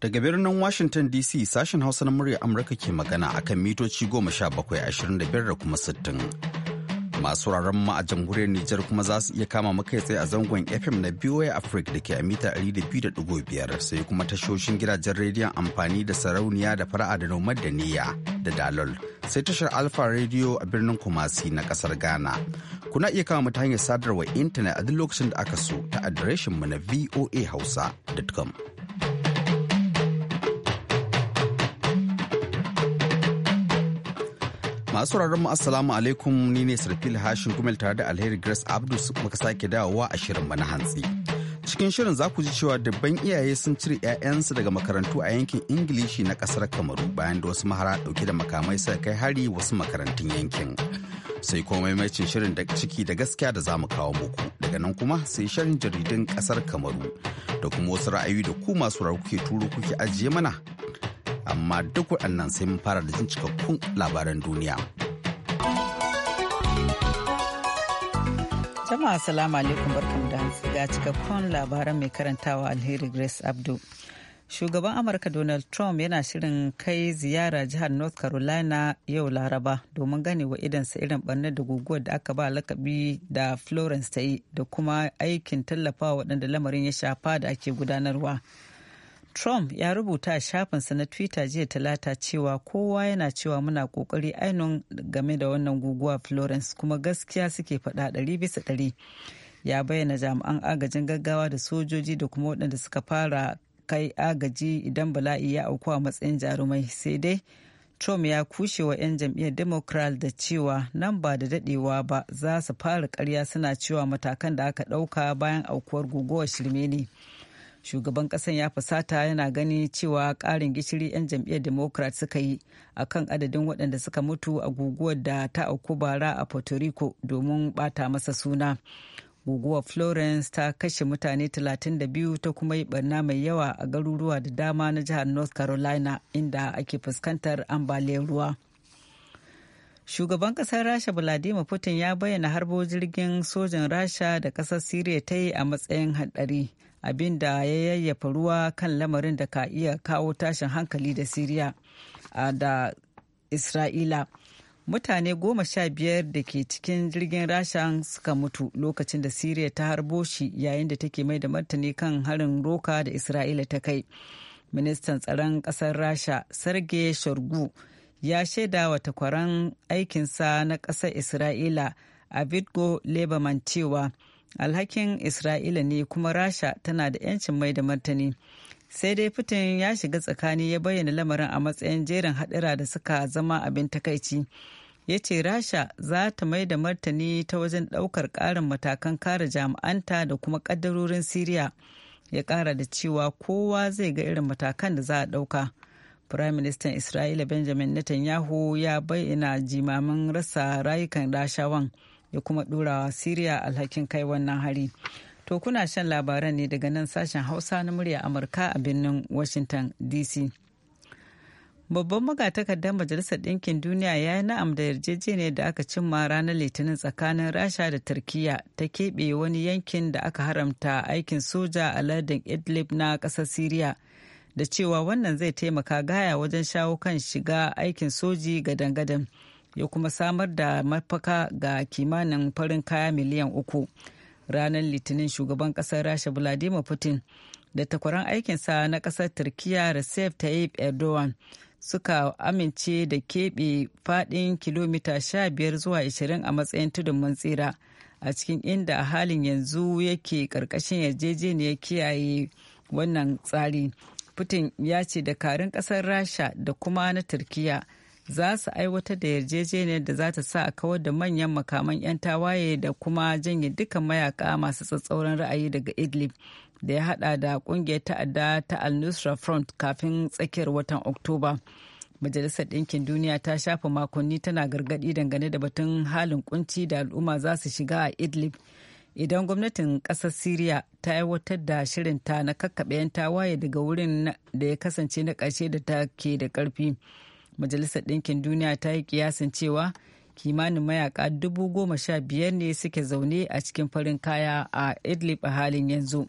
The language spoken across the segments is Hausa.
Daga birnin Washington DC sashen Hausa na murya Amurka ke magana akan mitoci goma sha bakwai ashirin da biyar da kuma sittin. Masu wuraren ma a jamhuriyar Nijar kuma za su iya kama makai tsaye a zangon FM na BOA Africa da ke a mita ɗari da biyu da ɗigo biyar sai kuma tashoshin gidajen rediyon amfani da sarauniya da fara'a da nomad da niyya da dalol sai tashar Alfa Radio a birnin Kumasi na ƙasar Ghana. Kuna iya kama ta hanyar sadarwa intanet a duk lokacin da aka so ta adireshin mu na voahausa.com. Masu sauraron mu Assalamu alaikum ni ne Sarfil Hashin Gumel tare da Alheri Grace Abdus muka sake dawowa a shirin na hantsi. Cikin shirin za ku ji cewa dabban iyaye sun cire 'ya'yansu daga makarantu a yankin Ingilishi na kasar Kamaru bayan da wasu mahara dauke da makamai suka kai hari wasu makarantun yankin. Sai kuma maimacin shirin da ciki da gaskiya da zamu kawo muku. Daga nan kuma sai shirin jaridun kasar Kamaru da kuma wasu ra'ayi da ku masu kuke turo kuke ajiye mana amma duk waɗannan sai mun fara da jin cikakkun labaran duniya. Jama'a salamu alaikum barkamu da ga cikakkun labaran mai karantawa alheri Grace Abdu. Shugaban Amurka Donald Trump yana shirin kai ziyara jihar North Carolina yau Laraba domin gane wa idansa irin barnar da guguwar da aka ba lakabi da Florence ta yi da kuma aikin tallafawa waɗanda lamarin ya shafa da ake gudanarwa. Trump ya rubuta a shafinsa na Twitter jiya talata cewa kowa yana cewa muna kokari ainihin game da wannan guguwa Florence kuma gaskiya suke faɗa ɗari bisa ɗari. Ya bayyana jami'an agajin gaggawa da sojoji da kuma waɗanda suka fara kai agaji idan bala'i ya auku a matsayin jarumai sai dai Trump ya kushe wa 'yan jam'iyyar Democrat da cewa nan ba da daɗewa ba za su fara karya suna cewa matakan da aka ɗauka bayan aukuwar guguwar shirme ne. shugaban kasan ya fusata yana gani cewa karin gishiri 'yan jam'iyyar democrat suka yi a kan adadin waɗanda suka mutu a guguwar da ta auku bara a puerto rico domin bata masa suna guguwar florence ta kashe mutane 32 ta kuma yi barna mai yawa a garuruwa da dama na jihar north carolina inda ake fuskantar ambaliyar ruwa shugaban kasar rasha vladimir putin ya bayyana harbo jirgin sojan rasha da kasar syria ta yi a matsayin hadari abin da ya yayyafa ruwa kan lamarin da ka iya kawo tashin hankali da siriya da isra'ila mutane goma sha biyar da ke cikin jirgin rashan suka mutu lokacin da siriya ta harbo shi yayin da take mai da martani kan harin roka da isra'ila ta kai ministan tsaron kasar rasha sarge shargu ya shaida wa takwaran aikinsa na ƙasar isra'ila abidgo lebaman cewa alhakin isra'ila ne kuma rasha tana da 'yancin mai da martani sai dai putin ya shiga tsakani ya bayyana lamarin a matsayin jerin hadira da suka zama abin takaici ya ce rasha za ta mai da martani ta wajen daukar karin matakan kare jami'anta da kuma ƙaddarorin siriya ya kara da cewa kowa zai ga irin matakan da za a ɗauka firaministan isra'ila benjamin netanyahu ya bayyana jimamin rasa rayukan rashawan ya kuma ɗorawa Siriya alhakin kai wannan hari. To kuna shan labaran ne daga nan sashen Hausa na murya Amurka a birnin Washington DC. Babban magatakardar Majalisar Ɗinkin Duniya ya yi na'am da yarjejeniyar da aka cimma ranar Litinin tsakanin Rasha da Turkiyya ta keɓe wani yankin da aka haramta aikin soja a lardin Idlib na ƙasar Siriya da cewa wannan zai taimaka gaya wajen shawo kan shiga aikin soji ga dangadan ya kuma samar da mafaka ga kimanin farin kaya miliyan uku ranar litinin shugaban kasar rasha vladimir putin da takwaran aikinsa na kasar turkiya recep tayyip erdogan suka amince da keɓe faɗin kilomita sha biyar zuwa ashirin a matsayin tudun mun tsira a cikin inda a halin yanzu yake ƙarƙashin yarjejeniyar kiyaye wannan tsari putin ya ce dakarun ƙasar rasha da kuma na turkiya za su aiwatar da yarjejeniyar da za ta sa a kawar da manyan makaman 'yan tawaye da kuma janye dukkan mayaka masu tsatsauran ra'ayi daga idlib da ya hada da kungiyar ta'adda ta al-nusra front kafin tsakiyar watan oktoba majalisar ɗinkin duniya ta shafa makonni tana gargaɗi dangane da batun halin kunci da al'umma za su shiga a idlib idan gwamnatin ƙasar syria ta aiwatar da shirinta na kakkaɓe 'yan tawaye daga wurin da ya kasance na ƙarshe da ta ke da ƙarfi majalisar ɗinkin duniya ta yi kiyasin cewa kimanin mayaka dubu goma sha biyar ne suke zaune a cikin farin kaya a idlib a halin yanzu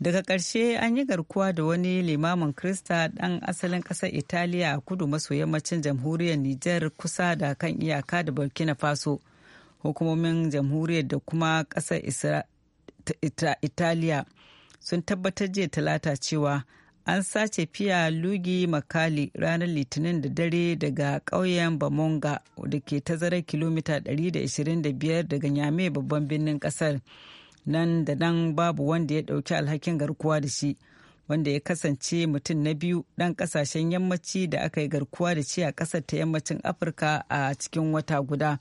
daga ƙarshe an yi garkuwa da wani limamin krista ɗan asalin ƙasar italiya a kudu maso yammacin jamhuriyar niger kusa da kan iyaka da burkina faso hukumomin jamhuriyar da kuma ƙasar italiya sun tabbatar jiya talata cewa an sace fiya lugi makali ranar litinin da dare daga ƙauyen bamonga da ke tazarar kilomita 125 daga nyame babban birnin ƙasar nan da nan babu wanda ya ɗauki alhakin garkuwa da shi wanda ya kasance mutum na biyu ɗan ƙasashen yammaci da aka yi garkuwa da shi a ƙasar ta yammacin afirka a cikin wata guda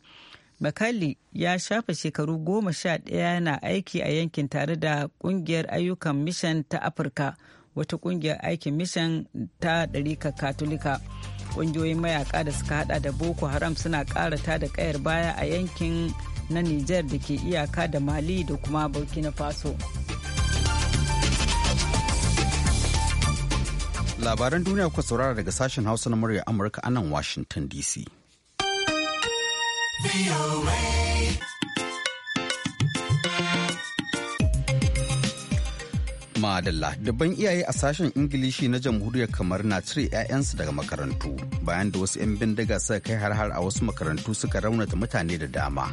makali ya shafe shekaru goma sha ɗaya na aiki a yankin tare da ƙungiyar ayyukan mishan ta afirka wata kungiyar aikin mission ta ɗarika katolika ƙungiyoyin mayaka da suka hada da boko haram suna ƙara ta da ƙayar baya a yankin na niger da ke iyaka da mali da kuma burkina faso labaran duniya kuka saurara daga sashen hausa na murya amurka anan washington dc Madalla, dubban iyaye a sashen Ingilishi na jamhuriyar kamar na cire 'ya'yansu daga makarantu bayan da wasu 'yan bindiga suka kai har-har a wasu makarantu suka raunata mutane da dama.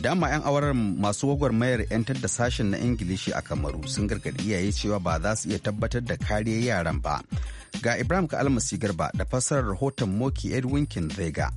Dama 'yan awarar masu gwagwarmayar 'yantar da sashen na Ingilishi a Kamaru sun gargadi iyaye cewa ba za su iya tabbatar da kariyar yaran ba. Ga Ibrahim ka Almasi Garba da fassarar rahoton Moki Edwin Kinzega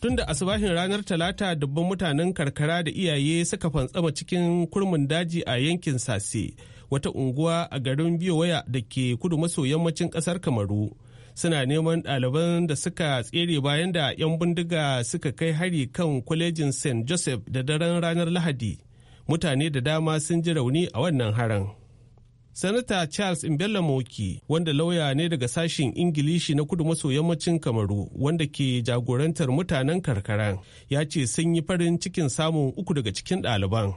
tun da asubahin ranar talata dubban mutanen karkara da iyaye suka fantsama cikin kurmin daji a yankin sase wata unguwa a garin Biowaya da ke kudu maso yammacin ƙasar Kamaru. Suna neman ɗaliban da suka tsere bayan da 'yan bindiga suka kai hari kan kwalejin St. Joseph da daren ranar Lahadi. Mutane da dama sun ji rauni a wannan haran. Sanata Charles Mbella Moki, wanda lauya ne daga sashen Ingilishi na kudu maso yammacin Kamaru, wanda ke jagorantar mutanen karkara ya ce sun yi farin cikin samun uku daga cikin ɗaliban.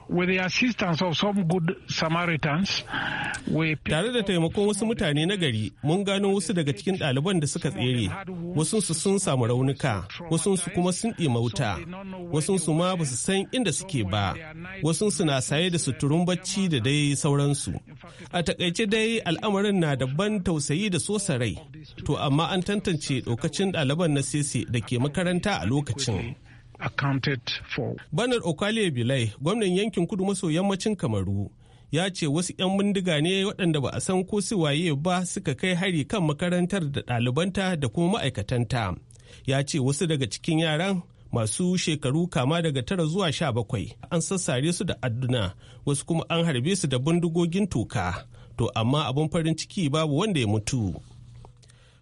Tare da taimakon wasu mutane na gari, mun gano wasu daga cikin ɗaliban da suka tsere. su sun samu raunuka, su kuma sun ɗima wuta, su ma ba su san inda suke ba, su na saye da suturun bacci da dai sauransu. A takaice dai al'amarin na da ban tausayi da sosa rai, to amma an tantance ɗaukacin ɗaliban na sese da ke makaranta a lokacin. Banar Okwale Bilai, gwamnan yankin kudu maso yammacin Kamaru, ya ce wasu 'yan bindiga ne waɗanda ba a san ko su waye ba suka kai hari kan makarantar da ɗalibanta da kuma ma'aikatanta. Ya ce wasu daga cikin yaran masu shekaru kama daga tara zuwa sha bakwai an sassare su da adduna wasu kuma an harbe su da bindigogin toka to amma abin farin ciki babu wanda ya mutu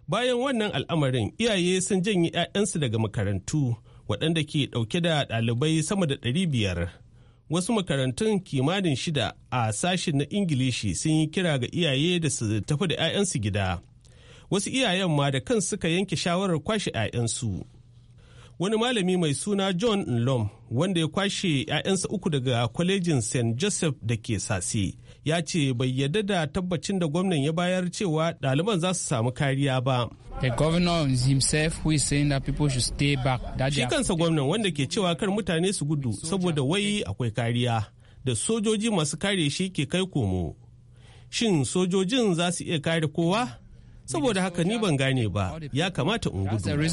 bayan wannan al'amarin iyaye sun janye 'ya'yansu daga makarantu waɗanda ke ɗauke da ɗalibai sama da ɗari biyar wasu makarantun kimanin shida a sashen na ingilishi sun yi kira ga iyaye da su tafi da 'ya'yansu gida wasu iyayen ma da kan suka yanke shawarar kwashe 'ya'yansu wani malami mai suna john nlom wanda ya kwashe 'ya'yansa uku daga kwalejin st joseph da ke sasi ya ce bai yarda da tabbacin da gwamnan ya bayar cewa ɗaliban za su samu kariya ba The governor himself who is Shi kansa gwamnan wanda ke cewa kar mutane su gudu saboda wai akwai kariya da sojoji masu kare shi ke kai komo. Shin sojojin za su iya kare kowa? saboda haka ni ban gane ba ya kamata in gudu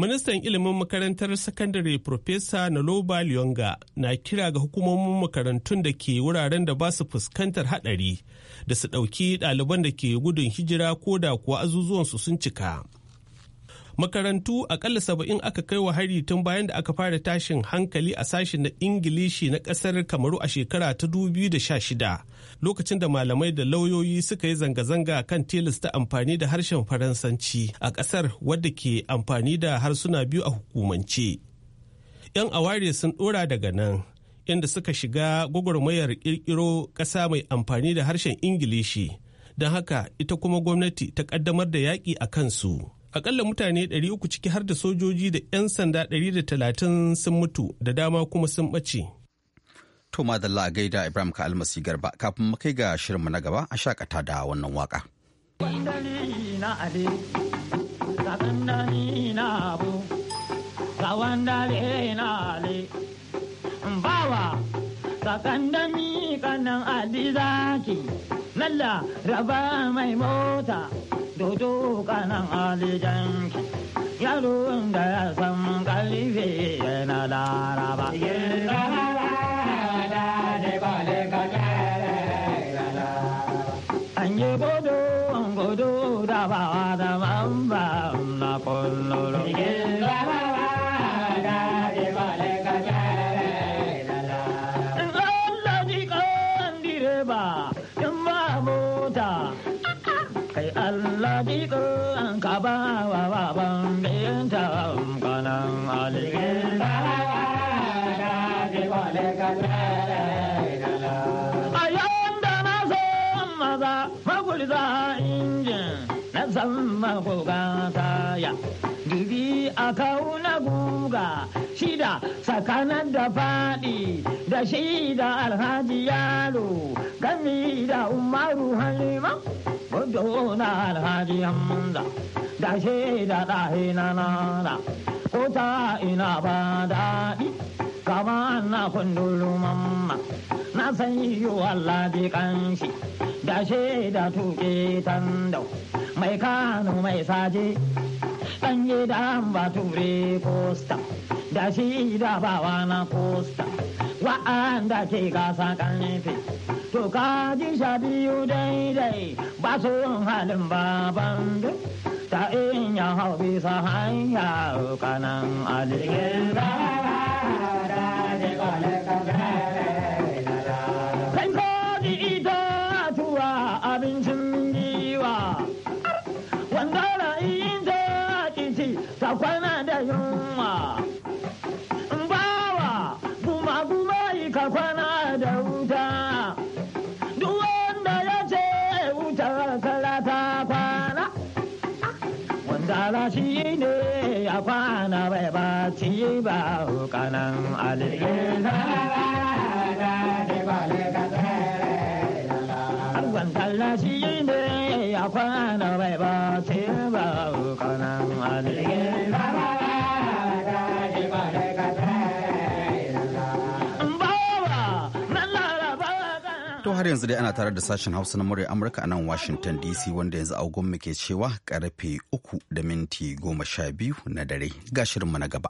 ministan ilimin makarantar sakandare profesa naloba Lyonga na kira ga hukumomin makarantun da ke wuraren da ba su fuskantar hadari da su ɗauki ɗaliban da ke gudun hijira ko da kuwa azuzuwansu sun cika makarantu akalla saba'in aka kai wa hari tun bayan da aka fara tashin hankali a sashen na ingilishi na ƙasar kamaru a shekara ta 2016 lokacin da malamai da lauyoyi suka yi zanga-zanga kan tilasta amfani da harshen faransanci a ƙasar wadda ke amfani da harsuna biyu a hukumance. 'Yan aware sun ɗora daga nan inda suka shiga gwagwarmayar ƙirƙiro ƙasa mai amfani da harshen Ingilishi, don haka ita kuma gwamnati ta ƙaddamar da yaƙi a kansu. akalla mutane 300 ciki har da sojoji da 'yan sanda 130 sun mutu da dama kuma sun ɓace. To madalla a gaida Ibrahim ka almasi garba kafin mu kai ga shirinmu na gaba a shakata da wannan waka. Bawa sakandami kanan alizaki lalla raba mai mota dodo kanan alijanki yaron da ya san kalife yana laraba. zama gogan ya dubi a kauna guga shida tsakanin da faɗi da shida alhaji yalo gami da umaru halima gudu na alhaji hamza da shida ɗahe na nana ko ta ina ba daɗi na kundulu mamma na san yiwuwa labi kanshi da da tuke tandau mai kano mai saje yi da ba ture kosta da shi da bawa na kosta wa'anda ke gasa kanfe to ka ji sha biyu daidai ba su halin baban duk ta in ya hau bisa hanya kanan alikin Yeah. shi ne ya kwana bai ba ci ba shi ne ya kwana bai ba ci ba har yanzu dai ana tare da sashen Hausa na murya Amurka a nan Washington DC wanda yanzu mu ke cewa karfe uku da minti goma na dare ga shirinmu na gaba.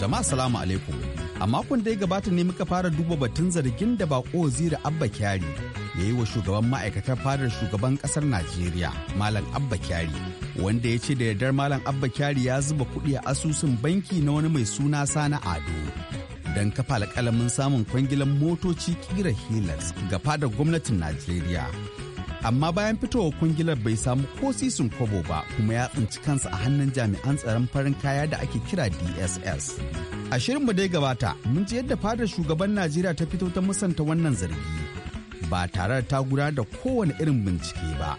Jama'a salamu alaikum. A makon da ya gabata ne muka fara duba batun zargin da bako zira abba kyari ya yi wa shugaban ma'aikatar fadar shugaban kasar najeriya malam abba kyari wanda ya ce da yardar malam abba kyari ya zuba kuɗi a asusun banki na wani mai suna sana ado don kafa alƙalamin samun kwangilan motoci kira hilas ga fadar gwamnatin najeriya amma bayan fitowa kungilar bai samu ko sisin kwabo ba kuma ya tsinci kansa a hannun jami'an tsaron farin kaya da ake kira dss a shirin mu dai gabata mun ji yadda fadar shugaban najeriya ta fito ta musanta wannan zargi ba tare da ta gudanar da kowane irin bincike ba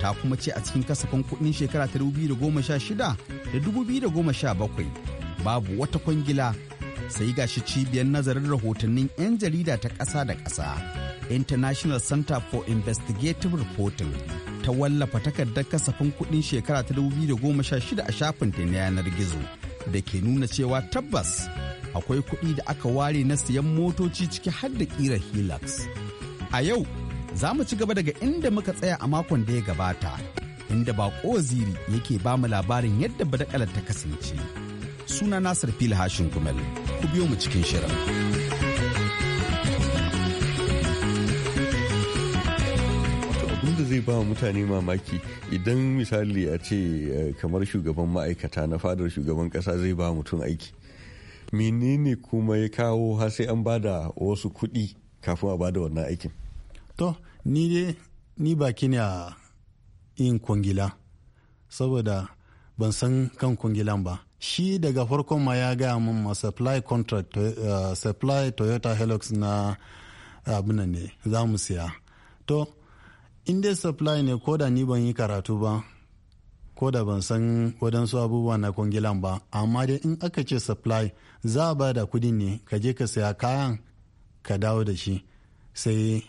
ta kuma ce a cikin kasafin kudin shekara ta 2016 da 2017 babu wata kwangila sai gashi cibiyar nazarin rahotannin 'yan jarida ta ƙasa da ƙasa international center for investigative reporting ta wallafa takardar kasafin kudin shekara ta 2016 a ta na yanar gizo da ke nuna cewa tabbas akwai kuɗi da aka ware na siyan motoci ciki har da ƙirar hilux A yau za mu ci gaba daga inda muka tsaya a makon da ya gabata, inda bako ziri yake ba mu labarin yadda badakalar ta kasance. Suna Nasir Fil Hashin Gumel, ku biyo mu cikin shirin. zai ba mutane mamaki idan misali a ce eh, kamar shugaban ma'aikata na fadar shugaban kasa zai ba mutum aiki menene kuma ya kawo sai an bada wasu kuɗi kafin a bada wannan aikin to ni dai ni baki ne a yin kwangila saboda ban san kan kwangilan ba shi daga farkon ma ya gaya min ma supply contract eh, supply toyota Hilux na abin ne za mu siya to in dai supply ne ko da ni ban yi karatu ba ko da ban san waɗansu abubuwa na kwangilan ba amma dai in aka ce supply za a ba da ne ka je ka siya kayan ka dawo da shi sai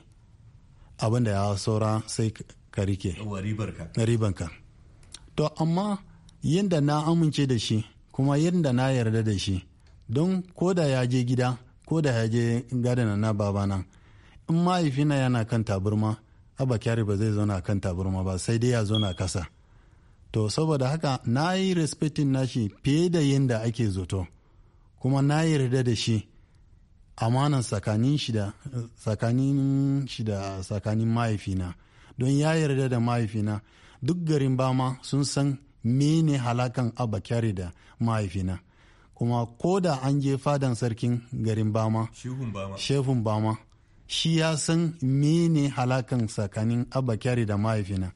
abin da ya saura sai ka rike ribanka to amma yadda na amince da shi kuma yadda na yarda da shi don ko da ya je gida ko da ya je gadana na babana in mahaifina yana kan taburma abba kyari ba zai zauna kan taburma ba sai dai ya zauna kasa to saboda haka na yi respectin nashi fiye da yadda ake zoto kuma na yarda da shi amanan tsakanin shida tsakanin da tsakanin mahaifina don ya yarda da mahaifina duk garin bama sun san mene halakan abba kyari da mahaifina kuma ko da an je fadan sarkin garin ma shehun bama shi ya san mene halakan tsakanin abba kyari da mahaifina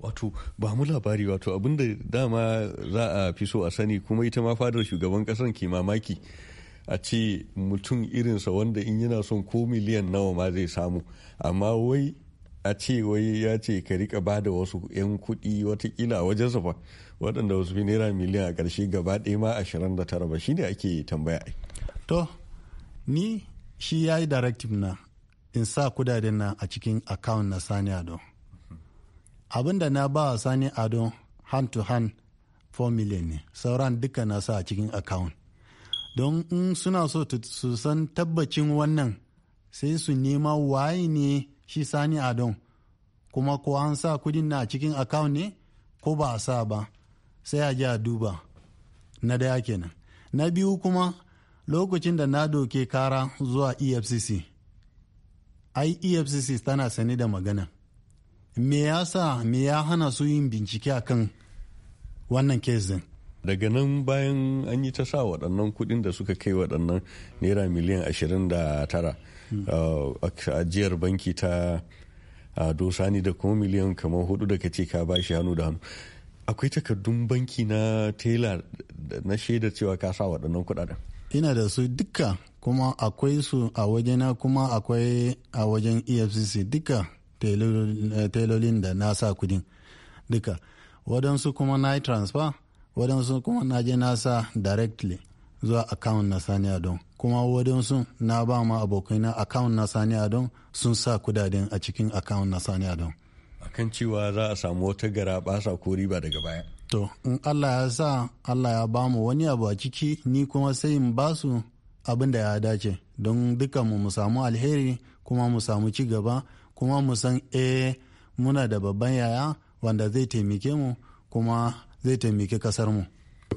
wato ba mu labari wato abinda dama za a fi so a sani kuma ita ma fadar shugaban kasan ke mamaki a ce mutum irinsa wanda in yana son ko miliyan nawa ma zai samu amma wai a ce wai ya ce ka rika ba da wasu 'yan kuɗi watakila wajen fa waɗanda wasu fi naira miliyan a ƙarshe gaba ɗaya ma ashirin da tara ba shi ne ake tambaya to ni shi ya yi directive na in sa kudaden na a cikin account na sani ado abin da na ba sani ado hand to hand 4 million ne sauran duka na sa a cikin account don in suna so su san tabbacin wannan sai su nema waye ne shi sani a don kuma ko an sa kudin na cikin account ne ko ba a sa ba sai a a duba na daya kenan na biyu kuma lokacin da na doke kara zuwa efcc ai efcc tana sani da magana me ya sa me ya hana su yin bincike akan wannan kes din daga nan bayan an yi ta sa waɗannan kuɗin da suka kai waɗannan naira miliyan 29 uh, ajiyar banki ta sani da kuma miliyan kamar hudu da ka ce ka bashi hannu da hannu akwai takardun banki na tela na shaida cewa ka sa waɗannan kuɗaɗen ina da su duka kuma akwai su a wajena kuma akwai a wajen efcc duka eh, telolin da na sa kudin duka waɗansu kuma na yi transfer waɗansu kuma na je na sa directly zuwa account na sani don kuma waɗansu na ba ma abokaina account na sani don sun sa kudaden a cikin account na sani don. akan cewa za a samu wata gara basa ko riba daga baya to in allah ya sa allah ya ba mu wani abu a ciki ni kuma sai in ba su abin da ya dace don mu mu samu alheri kuma mu samu ci gaba kuma mu san eh muna da babban yaya wanda zai taimake mu kuma zai taimaki kasar mu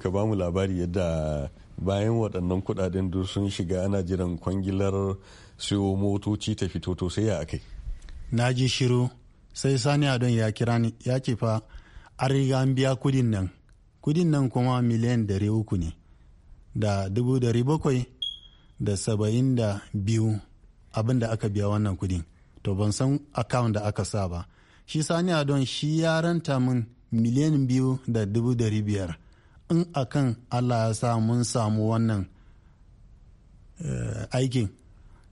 ka ba mu labari yadda bayan waɗannan kuɗaɗen duk sun shiga ana jiran kwangilar siyo motoci ta fito to sai ya akai na ji shiru sai sani adon ya kira ni ya ce fa an riga an biya kudin nan kudin nan kuma miliyan dari uku ne da dubu dari bakwai da saba'in da biyu abin aka biya wannan kudin to ban san akawun da aka sa ba shi sani adon shi ya ranta min miliyan biyu da dubu dari biyar in akan allah ya sa mun samu wannan eh, aikin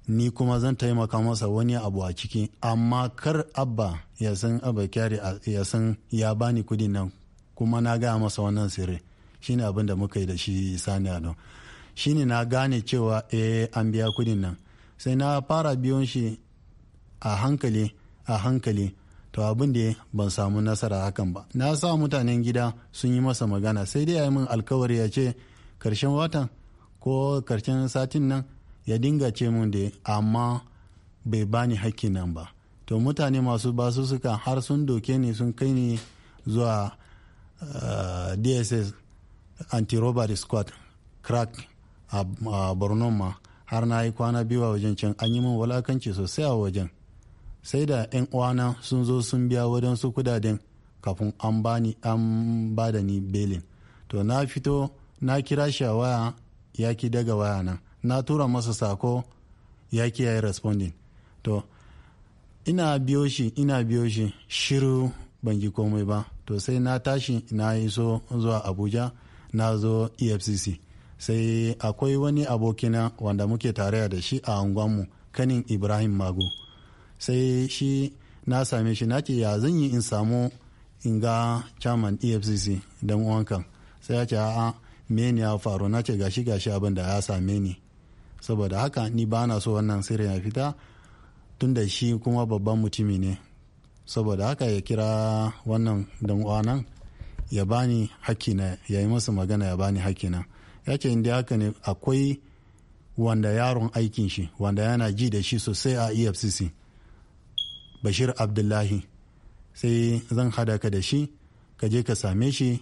ni kuma zan taimaka masa wani abu a ciki amma kar abba ya san abba kyari ya san ya bani kudi nan kuma na gaya masa wannan sirri shine abin da muka yi da shi sani adon shine na gane cewa eh an biya kudin nan sai na fara biyon shi a hankali a hankali to abin da ban samu nasara hakan ba na sa mutanen gida sun yi masa magana sai dai ya yi min alkawari ya ce karshen watan ko karshen satin nan ya dinga ce min da amma bai bani hakki nan ba to mutane masu basu suka har sun doke ni sun kai ni zuwa eh, dss anti-robbery squad crack a borno ma har na yi kwana biyu a wajen can an yi min wulakanci sosai a wajen sai da 'yan uwana sun zo sun biya su kudaden kafin an bani an ba da ni belin to na fito na kira shi a waya ya ki daga waya nan na tura masa sako ya ki yi responding to ina biyo shi ina biyo shi shiru ban ji komai ba to sai na tashi na iso zuwa abuja na zo efcc sai akwai wani abokina wanda muke tare da shi a unguwanmu kanin ibrahim magu. sai shi na same shi na ce ya zan yi in samu in ga chairman efcc don wankan sai ya ce a meni ya faru na ce gashi gashi abin da ya same ni saboda haka ni ba na so wannan sirri ya fita tun da shi kuma babban mutumi ne saboda haka ya kira wannan dan uwanan ya bani na ya yi masa magana ya bani hakkina ya ce inda haka ne akwai wanda yaron aikin shi wanda yana ji da shi sosai a efcc bashir abdullahi sai zan hada ka da shi ka je ka same shi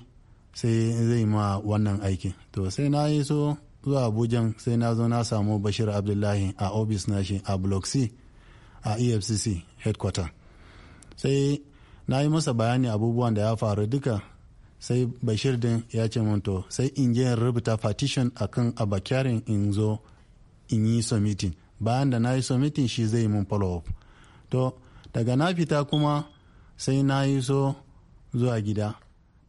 sai zai ma wannan aikin to sai na yi so zuwa abuja sai na zo na samu bashir abdullahi a ofis na shi a block c a efcc headquarter sai na yi masa bayani abubuwan da ya faru duka sai bashir din ya ce to sai in je rubuta partition akan abakarin in zo in yi submitting bayan da na yi submitting shi zai mun follow up to daga na fita kuma sai na yi so zuwa gida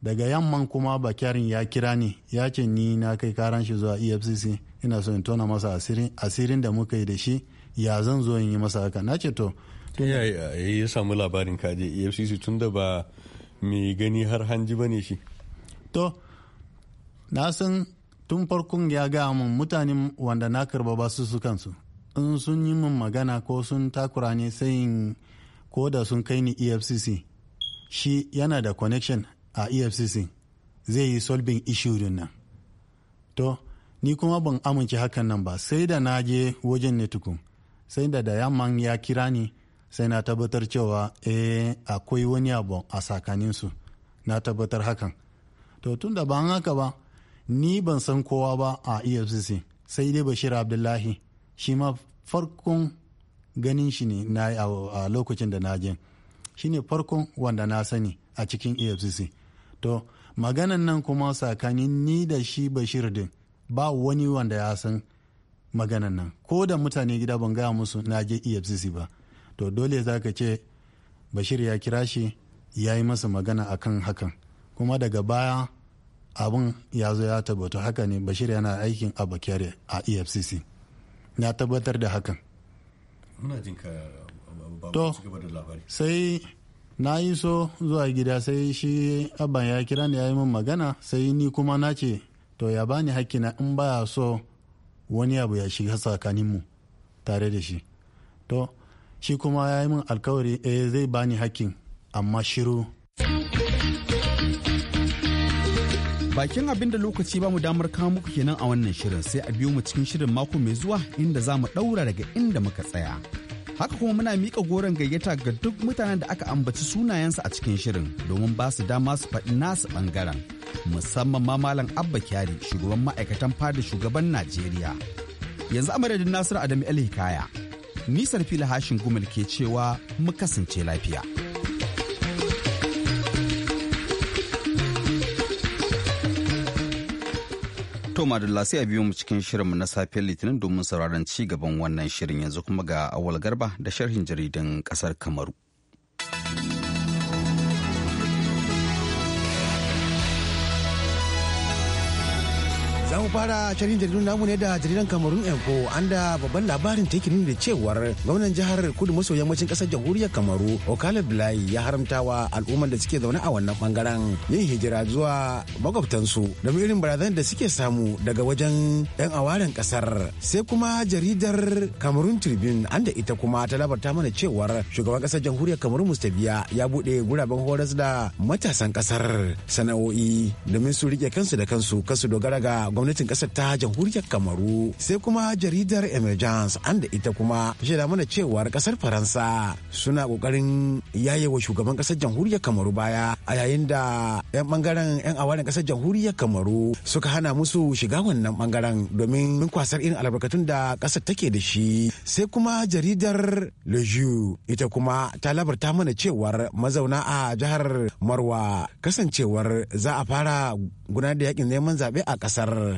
daga yamman kuma bakyarin ya kira ni ya ce ni na kai karan shi zuwa efcc ina so in tona masa asirin, da muka yi da shi ya zan zo in yi masa haka na ce to ya samu labarin kaje efcc tun da ba mai gani har hanji ba ne shi to na san tun farkon ya ga mun mutane wanda na karba ba su su kansu in sun yi min magana ko sun takura ne sai ko da sun kai ni efcc shi yana da connection a efcc zai yi solving issue din nan to ni kuma ban amince hakan nan ba sai da na je wajen ne tukun sai da da yamman ya kira ni sai na tabbatar cewa eh akwai wani abu a sakaninsu na tabbatar hakan to tun da ban haka ba ni ban san kowa ba a efcc sai dai bashir abdullahi shi ma farkon ganin shi ne na a lokacin da na je shine farkon wanda na sani a cikin efcc to maganan nan kuma tsakanin ni da shi bashir din ba wani wanda ya san maganan nan ko da mutane gida ban gaya musu na je efcc ba to dole za ka ce bashir ya kira shi ya yi masa magana akan hakan kuma daga baya abin ya zo ya tabbata haka ne bashir yana aikin a bakiyar a efcc na tabbatar da hakan to sai na yi so zuwa gida sai shi abban ya kira ni ya yi min magana sai ni kuma na ce to ya bani hakkina in baya so wani abu ya shiga tsakaninmu tare da shi to shi kuma ya yi min alkawari eh zai bani hakkin amma shiru. Bakin abin da lokaci ba mu damar kawo muku kenan a wannan shirin sai a biyo mu cikin shirin mako mai zuwa inda za mu ɗaura daga inda muka tsaya. Haka kuma muna mika goron gayyata ga duk mutanen da aka ambaci sunayensu a cikin shirin domin ba su dama su faɗi nasu ɓangaren. Musamman ma Malam Abba Kyari shugaban ma'aikatan fada shugaban Najeriya. Yanzu a madadin Nasiru Adamu El Hikaya. Nisar fila hashin gumal ke cewa mu kasance lafiya. To Madalla sai a biyo mu cikin shirinmu na safiyar Litinin domin sauraron ci gaban wannan shirin yanzu kuma ga awal garba da sharhin jaridan kasar Kamaru. za mu fara shirin jaridun namu ne da jaridan Kamarun Enko an da babban labarin ta yake da cewar gwamnan jihar Kudu maso yammacin kasar jamhuriyar Kamaru Okale Blai ya haramtawa al'ummar da suke zaune a wannan bangaren yin hijira zuwa makwabtansu da irin barazanar da suke samu daga wajen yan awaren kasar sai kuma jaridar Kamarun Tribune an da ita kuma ta labarta mana cewar shugaban kasar jamhuriyar kamaru Mustabiya ya bude guraben horas da matasan kasar sana'o'i domin su rike kansu da kansu kasu dogara ga gwamnati gwamnatin kasar ta jamhuriyar kamaru sai kuma jaridar emergence an da ita kuma shaida mana cewar kasar faransa suna kokarin wa shugaban kasar jamhuriyar kamaru baya a yayin da yan bangaren yan awarin kasar jamhuriyar kamaru suka hana musu shiga wannan bangaren domin kwasar irin albarkatun da kasar take da shi sai kuma jaridar le ita kuma ta labarta mana cewar mazauna a jihar marwa kasancewar za a fara gudanar da yakin neman zaɓe a kasar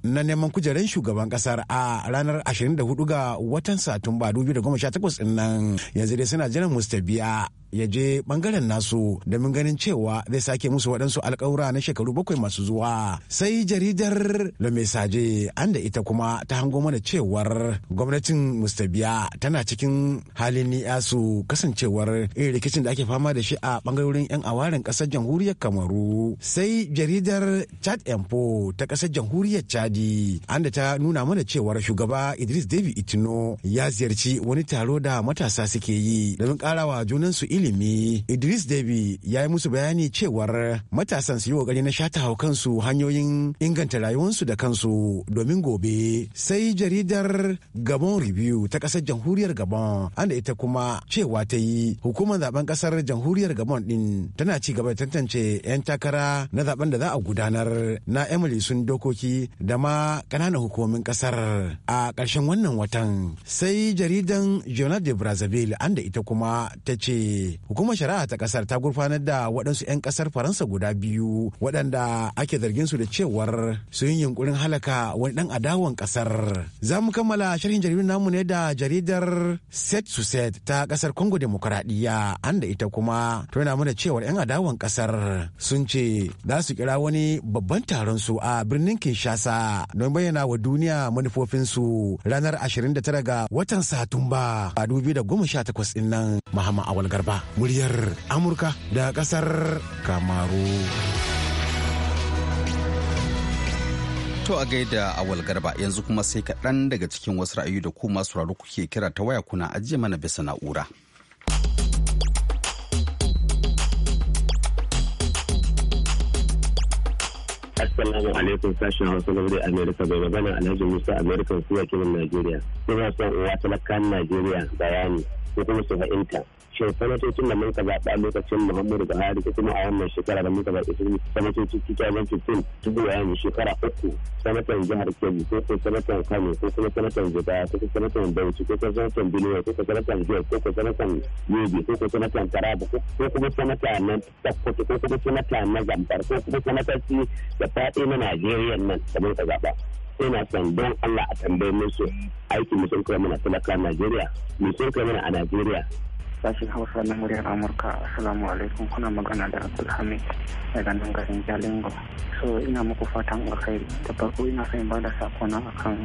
na neman kujerar shugaban kasar a ranar 24 ga watan satumba 2018 din nan yanzu dai suna jiran mustabiya ya je bangaren nasu domin ganin cewa zai sake musu waɗansu alƙawura na shekaru bakwai masu zuwa sai jaridar da mesaje an da ita kuma ta hango mana cewar gwamnatin mustabiya tana cikin halin su kasancewar irin rikicin da ake fama da shi a bangarorin yan awarin ƙasar jamhuriyar kamaru sai jaridar chad empo ta ƙasar jamhuriyar chad chadi an da ta nuna mana cewar shugaba idris david itino ya ziyarci wani taro da matasa suke yi domin karawa junansu ilimi idris david ya yi musu bayani cewar matasan su yi kokari na shata kansu hanyoyin inganta rayuwarsu da kansu domin gobe sai jaridar gabon review ta kasar jamhuriyar gabon an da ita kuma cewa ta yi hukumar zaben kasar jamhuriyar gabon din tana ci gaba da tantance 'yan takara na zaben da za a gudanar na emily sun dokoki da ma ƙananan hukumomin ƙasar a ƙarshen wannan watan sai jaridan journal de brazzaville an da ita kuma ta ce hukumar shari'a ta ƙasar ta gurfanar da waɗansu 'yan ƙasar faransa guda biyu waɗanda ake zargin su da cewar sun yi yunkurin halaka wani ɗan adawan ƙasar za mu kammala sharhin jaridun namu ne da jaridar set to set ta ƙasar congo demokuraɗiyya an da ita kuma tana mana cewar 'yan adawan ƙasar sun ce za su kira wani babban taron su a birnin kinshasa don bayyana wa duniya manufofinsu ranar 29 ga watan Satumba a 2018 din nan Muhammad Awal Garba muryar Amurka da kasar Kamaru. To a gaida Awal Garba yanzu kuma sai kaɗan daga cikin wasu ra'ayi da ku masu kuke kira ta waya kuna ajiye mana bisa na'ura. Assalamu alaikum sashen Hausa na Muryar Amerika bai magana Alhaji Musa Amerika su ya kiran Najeriya. Ina son uwa talakan Najeriya bayani ko kuma su fahimta. shin sanatocin da muka zaɓa lokacin muhammadu buhari ko kuma a wannan shekara da muka zaɓi su sanatoci 2015 dubu a yanzu shekara uku sanatan jihar kebbi ko ko sanatan kano ko kuma sanatan jigawa ko ko sanatan bauchi ko ko sanatan benue ko ko sanatan jiyar ko ko sanatan yobe ko ko sanatan taraba ko kuma sanata na sakkwato ko kuma sanata na zamfara ko kuma sanatoci da faɗi na najeriya nan da muka zaɓa ina son don Allah a tambaye musu aiki mu kai mana talaka Najeriya mu kai mana a Najeriya sashen hausa na muryar amurka assalamu alaikum kuna magana da abdulhamid daga nan garin jalingo so ina muku fatan alkhairi da farko ina son ba da sakona akan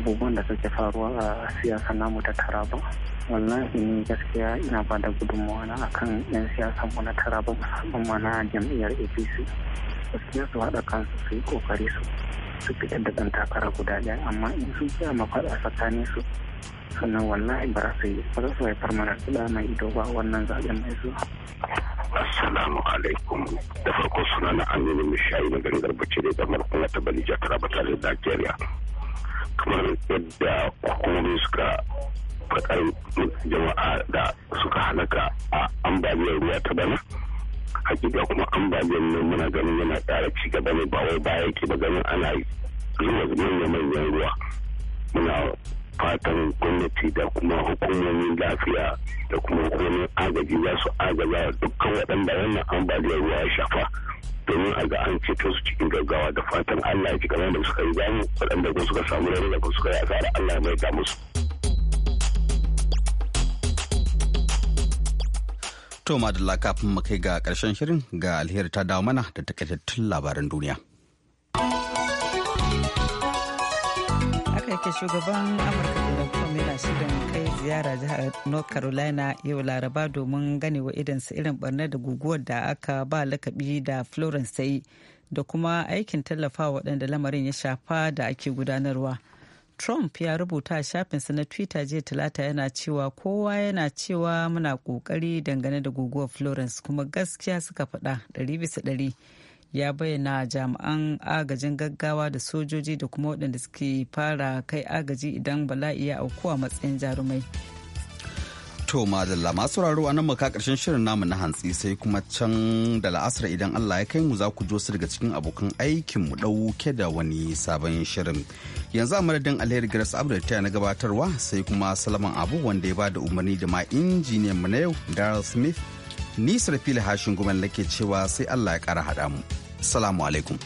abubuwan da suke faruwa a siyasa namu ta taraba wallahi ni gaskiya ina ba da gudunmawa na akan yan siyasa mu na taraba musamman ma na jam'iyyar apc gaskiya su haɗa kansu su yi kokari su su fitar da ɗan takara guda ɗaya amma in sun fiya mafaɗa tsakanin su sannan wallahi ba za su yi ba za su haifar mana da mai ido ba wannan zaɓen mai zuwa. Assalamu alaikum da farko suna na Aminu Mishayi na gangar Garbace da damar kuma ta Bali Jakara ba tare da Najeriya. Kamar yadda hukumomi suka faɗa jama'a da suka halaka a ambaliyar ruwa ta bana. Hakika kuma ambaliyar nan muna ganin yana ƙara ci gaba ne ba wai baya ke ba ganin ana zuwa manyan manyan ruwa. Muna fatan gwamnati da kuma hukumomin lafiya da kuma hukumomin agaji za su agaza dukkan waɗanda wannan ambaliyar ruwa ya shafa domin a ga an ceto su cikin gaggawa da fatan allah ya ji kamar da suka yi zamu waɗanda kuma suka samu da kuma suka yi asara allah mai da musu. To madalla kafin mu kai ga karshen shirin ga alheri ta dawo mana da takaitattun labaran duniya. yake shugaban amurka da trump yana shirin kai ziyara jihar north carolina yau laraba domin ganewa idansa irin barnar da guguwar da aka ba lakabi da florence ta yi da kuma aikin tallafa waɗanda lamarin ya shafa da ake gudanarwa trump ya rubuta a shafinsa na twitter jiya talata yana cewa kowa yana cewa muna ƙoƙari dangane da guguwar florence kuma gaskiya suka faɗa ɗari bisa ɗari ya bayyana jami'an agajin gaggawa da sojoji da kuma waɗanda suke fara kai agaji idan bala'i ya auku a matsayin jarumai. To madalla masu raro a nan maka karshen shirin namu na hantsi sai kuma can da la'asar idan Allah ya kai mu za ku jo su daga cikin abokan aikin mu ɗauke da wani sabon shirin. Yanzu a madadin Alheri Grace Abdul ta na gabatarwa sai kuma Salaman Abu wanda ya bada umarni da ma injiniyan mu na yau Daryl Smith. Ni Sarfila Hashin Guman lake cewa sai Allah ya kara haɗa mu. Salamu alaikum.